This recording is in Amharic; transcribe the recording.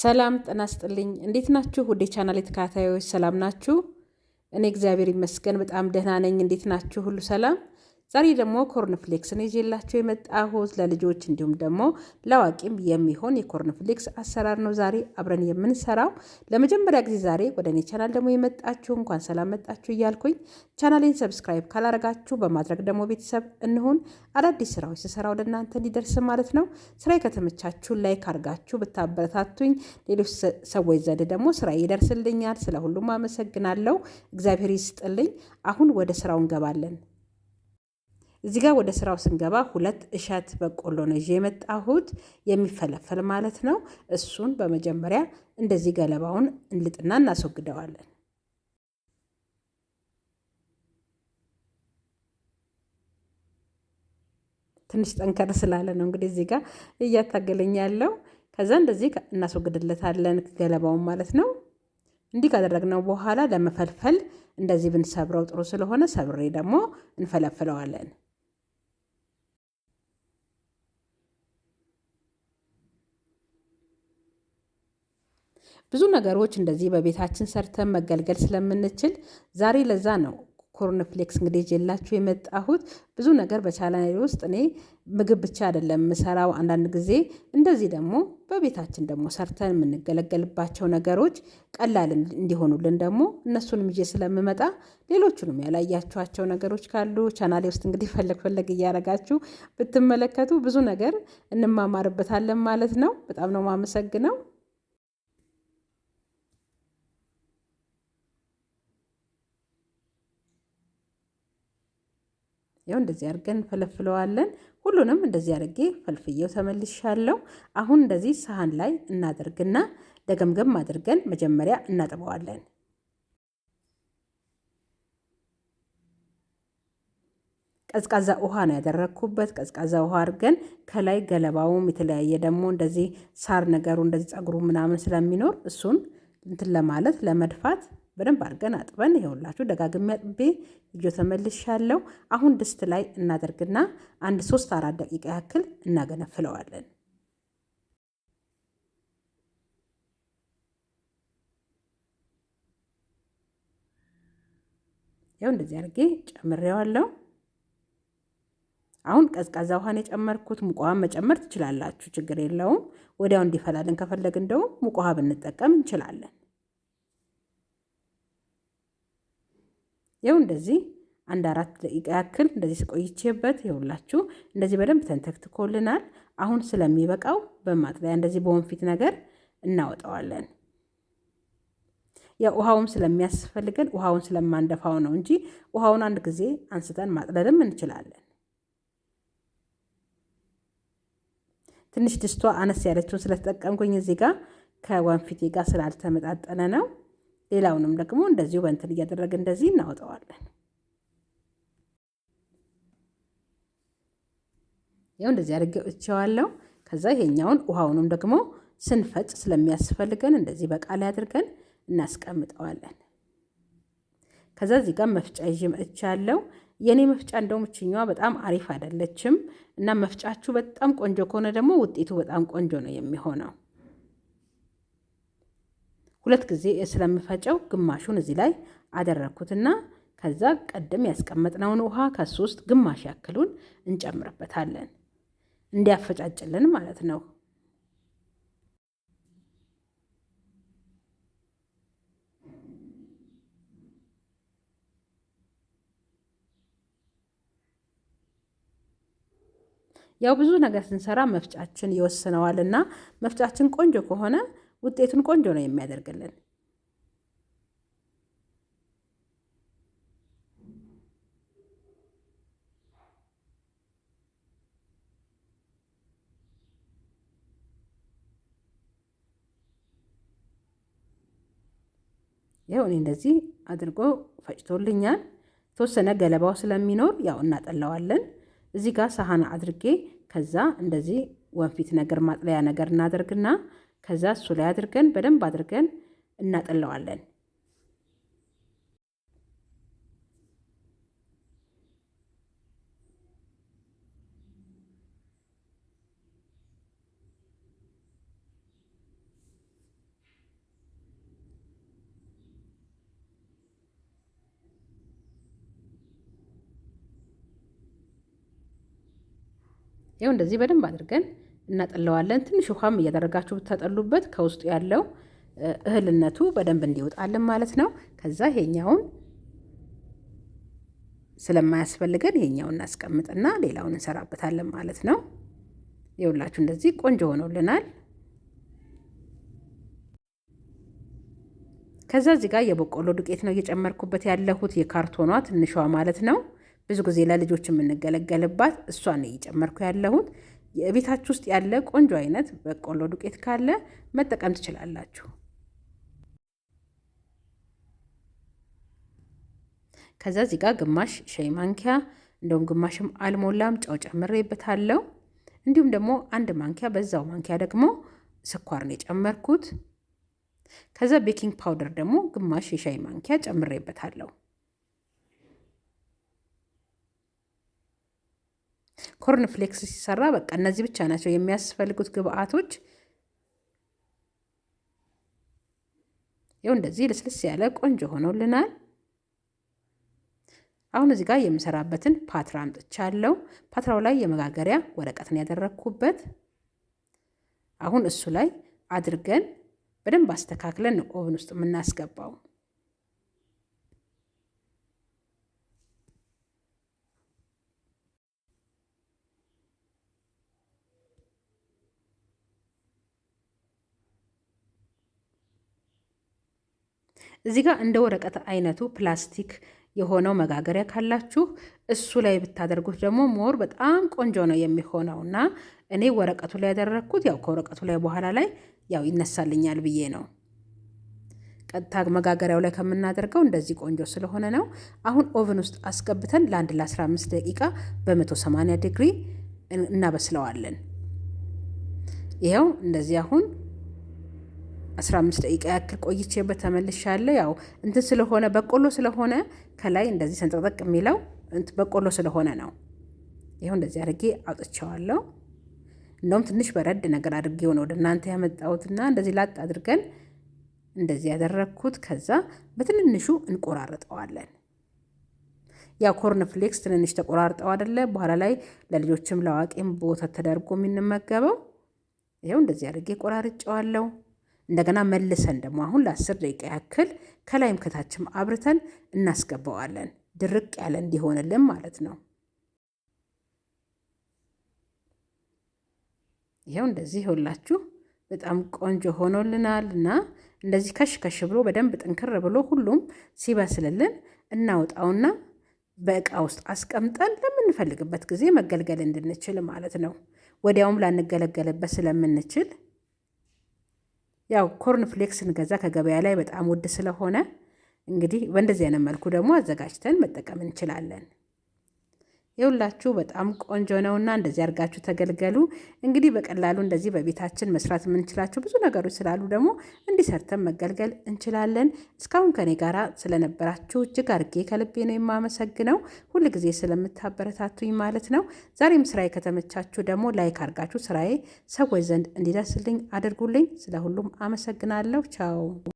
ሰላም ጤና ይስጥልኝ። እንዴት ናችሁ? ወደ ቻናል ተከታታዮች ሰላም ናችሁ? እኔ እግዚአብሔር ይመስገን በጣም ደህና ነኝ። እንዴት ናችሁ? ሁሉ ሰላም ዛሬ ደግሞ ኮርንፍሌክስን ይዤላቸው የመጣሁት ለልጆች እንዲሁም ደግሞ ለአዋቂም የሚሆን የኮርንፍሌክስ አሰራር ነው ዛሬ አብረን የምንሰራው። ለመጀመሪያ ጊዜ ዛሬ ወደ እኔ ቻናል ደግሞ የመጣችሁ እንኳን ሰላም መጣችሁ እያልኩኝ ቻናሌን ሰብስክራይብ ካላረጋችሁ በማድረግ ደግሞ ቤተሰብ እንሁን። አዳዲስ ስራዎች ስሰራ ወደ እናንተ እንዲደርስ ማለት ነው። ስራዬ ከተመቻችሁ ላይክ አርጋችሁ ብታበረታቱኝ ሌሎች ሰዎች ዘንድ ደግሞ ስራዬ ይደርስልኛል። ስለ ሁሉም አመሰግናለሁ። እግዚአብሔር ይስጥልኝ። አሁን ወደ ስራው እንገባለን። እዚህ ጋር ወደ ስራው ስንገባ ሁለት እሸት በቆሎ ነው ይዤ የመጣሁት የሚፈለፈል ማለት ነው። እሱን በመጀመሪያ እንደዚህ ገለባውን እንልጥና እናስወግደዋለን። ትንሽ ጠንከር ስላለ ነው እንግዲህ እዚህ ጋር እያታገለኝ ያለው። ከዛ እንደዚህ እናስወግድለታለን ገለባውን ማለት ነው። እንዲህ ካደረግነው በኋላ ለመፈልፈል እንደዚህ ብንሰብረው ጥሩ ስለሆነ ሰብሬ ደግሞ እንፈለፍለዋለን። ብዙ ነገሮች እንደዚህ በቤታችን ሰርተን መገልገል ስለምንችል ዛሬ ለዛ ነው ኮርንፍሌክስ እንግዲህ ይዤላችሁ የመጣሁት ብዙ ነገር በቻናሌ ውስጥ እኔ ምግብ ብቻ አይደለም የምሰራው። አንዳንድ ጊዜ እንደዚህ ደግሞ በቤታችን ደግሞ ሰርተን የምንገለገልባቸው ነገሮች ቀላል እንዲሆኑልን ደግሞ እነሱንም ይዤ ስለምመጣ ሌሎቹንም ያላያችኋቸው ነገሮች ካሉ ቻናሌ ውስጥ እንግዲህ ፈለግ ፈለግ እያረጋችሁ ብትመለከቱ ብዙ ነገር እንማማርበታለን ማለት ነው። በጣም ነው ማመሰግነው። ያው እንደዚህ አድርገን ፈለፍለዋለን። ሁሉንም እንደዚህ አድርጌ ፈልፍየው ተመልሻለሁ። አሁን እንደዚህ ሳህን ላይ እናደርግና ደገምገም አድርገን መጀመሪያ እናጥበዋለን። ቀዝቃዛ ውሃ ነው ያደረግኩበት። ቀዝቃዛ ውሃ አድርገን ከላይ ገለባውም የተለያየ ደግሞ እንደዚህ ሳር ነገሩ እንደዚህ ጸጉሩ ምናምን ስለሚኖር እሱን እንትን ለማለት ለመድፋት በደንብ አድርገን አጥበን ይሄውላችሁ ደጋግሜ አጥቤ እጆ ተመልሻለሁ። አሁን ድስት ላይ እናደርግና አንድ ሶስት አራት ደቂቃ ያክል እናገነፍለዋለን። ያው እንደዚህ አድርጌ ጨምሬዋለሁ። አሁን ቀዝቃዛ ውሃን የጨመርኩት ሙቅ መጨመር ትችላላችሁ፣ ችግር የለውም። ወዲያው እንዲፈላልን ከፈለግ እንደውም ሙቅ ብንጠቀም እንችላለን። ይኸው እንደዚህ አንድ አራት ደቂቃ ያክል እንደዚህ ቆይቼበት ይኸውላችሁ እንደዚህ በደንብ ተንተክትኮልናል። አሁን ስለሚበቃው በማጥለያ እንደዚህ በወንፊት ነገር እናወጣዋለን። ያው ውሃውም ስለሚያስፈልገን ውሃውን ስለማንደፋው ነው እንጂ ውሃውን አንድ ጊዜ አንስተን ማጥለልም እንችላለን። ትንሽ ድስቷ አነስ ያለችውን ስለተጠቀምኩኝ እዚህ ጋር ከወንፊቴ ጋር ስላልተመጣጠነ ነው። ሌላውንም ደግሞ እንደዚሁ በእንትን እያደረግ እንደዚህ እናወጣዋለን። ያው እንደዚህ አድርጌዋለሁ። ከዛ ይሄኛውን ውሃውንም ደግሞ ስንፈጭ ስለሚያስፈልገን እንደዚህ በቃል አድርገን እናስቀምጠዋለን። ከዛ እዚህ ጋር መፍጫ ይዤ መጥቻለሁ። የእኔ መፍጫ እንደው ምችኛዋ በጣም አሪፍ አይደለችም እና መፍጫችሁ በጣም ቆንጆ ከሆነ ደግሞ ውጤቱ በጣም ቆንጆ ነው የሚሆነው። ሁለት ጊዜ ስለምፈጨው ግማሹን እዚህ ላይ አደረግኩትና ከዛ ቀደም ያስቀመጥነውን ውሃ ከሱ ውስጥ ግማሽ ያክሉን እንጨምርበታለን እንዲያፈጫጭልን ማለት ነው። ያው ብዙ ነገር ስንሰራ መፍጫችን ይወስነዋልና መፍጫችን ቆንጆ ከሆነ ውጤቱን ቆንጆ ነው የሚያደርግልን። ያው እኔ እንደዚህ አድርጎ ፈጭቶልኛል። የተወሰነ ገለባው ስለሚኖር ያው እናጠላዋለን። እዚህ ጋር ሳህን አድርጌ ከዛ እንደዚህ ወንፊት ነገር ማጥለያ ነገር እናደርግና ከዛ እሱ ላይ አድርገን በደንብ አድርገን እናጠለዋለን። ይኸው እንደዚህ በደንብ አድርገን እናጠለዋለን። ትንሽ ውሃም እያደረጋችሁ ብታጠሉበት ከውስጡ ያለው እህልነቱ በደንብ እንዲወጣልን ማለት ነው። ከዛ ይሄኛውን ስለማያስፈልገን ይሄኛውን እናስቀምጥና ሌላውን እንሰራበታለን ማለት ነው። የሁላችሁ እንደዚህ ቆንጆ ሆኖልናል። ከዛ እዚህ ጋር የበቆሎ ዱቄት ነው እየጨመርኩበት ያለሁት የካርቶኗ ትንሿ ማለት ነው። ብዙ ጊዜ ለልጆች የምንገለገልባት እሷን እየጨመርኩ ያለሁት የቤታችሁ ውስጥ ያለ ቆንጆ አይነት በቆሎ ዱቄት ካለ መጠቀም ትችላላችሁ። ከዛ እዚህ ጋር ግማሽ ሻይ ማንኪያ እንደውም ግማሽም አልሞላም ጨው ጨምሬበታለሁ። እንዲሁም ደግሞ አንድ ማንኪያ በዛው ማንኪያ ደግሞ ስኳር ነው የጨመርኩት። ከዛ ቤኪንግ ፓውደር ደግሞ ግማሽ የሻይ ማንኪያ ጨምሬበታለሁ። ኮርንፍሌክስ ሲሰራ በቃ እነዚህ ብቻ ናቸው የሚያስፈልጉት ግብአቶች። ይኸው እንደዚህ ልስልስ ያለ ቆንጆ ሆኖልናል። አሁን እዚህ ጋር የምሰራበትን ፓትራ አምጥቻለሁ። ፓትራው ላይ የመጋገሪያ ወረቀትን ያደረግኩበት አሁን እሱ ላይ አድርገን በደንብ አስተካክለን ኦቭን ውስጥ የምናስገባው እዚህ ጋር እንደ ወረቀት አይነቱ ፕላስቲክ የሆነው መጋገሪያ ካላችሁ እሱ ላይ ብታደርጉት ደግሞ ሞር በጣም ቆንጆ ነው የሚሆነው እና እኔ ወረቀቱ ላይ ያደረግኩት ያው ከወረቀቱ ላይ በኋላ ላይ ያው ይነሳልኛል ብዬ ነው። ቀጥታ መጋገሪያው ላይ ከምናደርገው እንደዚህ ቆንጆ ስለሆነ ነው። አሁን ኦቨን ውስጥ አስገብተን ለአንድ ለ15 ደቂቃ በ180 ዲግሪ እናበስለዋለን። ይኸው እንደዚህ አሁን 15 ደቂቃ ያክል ቆይቼበት ተመልሻለሁ። ያው እንትን ስለሆነ በቆሎ ስለሆነ ከላይ እንደዚህ ሰንጠቅጠቅ የሚለው በቆሎ ስለሆነ ነው። ይኸው እንደዚህ አድርጌ አውጥቼዋለሁ። እንደውም ትንሽ በረድ ነገር አድርጌው ነው ወደ እናንተ ያመጣሁትና እንደዚህ ላጥ አድርገን እንደዚህ ያደረግኩት። ከዛ በትንንሹ እንቆራርጠዋለን። ያ ኮርን ፍሌክስ ትንንሽ ተቆራርጠው አደለ? በኋላ ላይ ለልጆችም ለአዋቂም ቦታ ተደርጎ የምንመገበው። ይኸው እንደዚህ አድርጌ ቆራርጨዋለሁ። እንደገና መልሰን ደግሞ አሁን ለአስር ደቂቃ ያክል ከላይም ከታችም አብርተን እናስገባዋለን። ድርቅ ያለ እንዲሆንልን ማለት ነው። ይኸው እንደዚህ ይሆላችሁ በጣም ቆንጆ ሆኖልናል እና እንደዚህ ከሽ ከሽ ብሎ በደንብ ጥንክር ብሎ ሁሉም ሲበስልልን እናውጣውና በእቃ ውስጥ አስቀምጠን ለምንፈልግበት ጊዜ መገልገል እንድንችል ማለት ነው። ወዲያውም ላንገለገልበት ስለምንችል ያው ኮርን ፍሌክስ ስንገዛ ከገበያ ላይ በጣም ውድ ስለሆነ እንግዲህ በእንደዚህ አይነት መልኩ ደግሞ አዘጋጅተን መጠቀም እንችላለን። የሁላችሁ በጣም ቆንጆ ነውና እንደዚህ አድርጋችሁ ተገልገሉ። እንግዲህ በቀላሉ እንደዚህ በቤታችን መስራት የምንችላቸው ብዙ ነገሮች ስላሉ ደግሞ እንዲሰርተን መገልገል እንችላለን። እስካሁን ከኔ ጋራ ስለነበራችሁ እጅግ አርጌ ከልቤ ነው የማመሰግነው፣ ሁል ጊዜ ስለምታበረታቱኝ ማለት ነው። ዛሬም ስራዬ ከተመቻችሁ ደግሞ ላይክ አርጋችሁ ስራዬ ሰዎች ዘንድ እንዲደርስልኝ አድርጉልኝ። ስለ ሁሉም አመሰግናለሁ። ቻው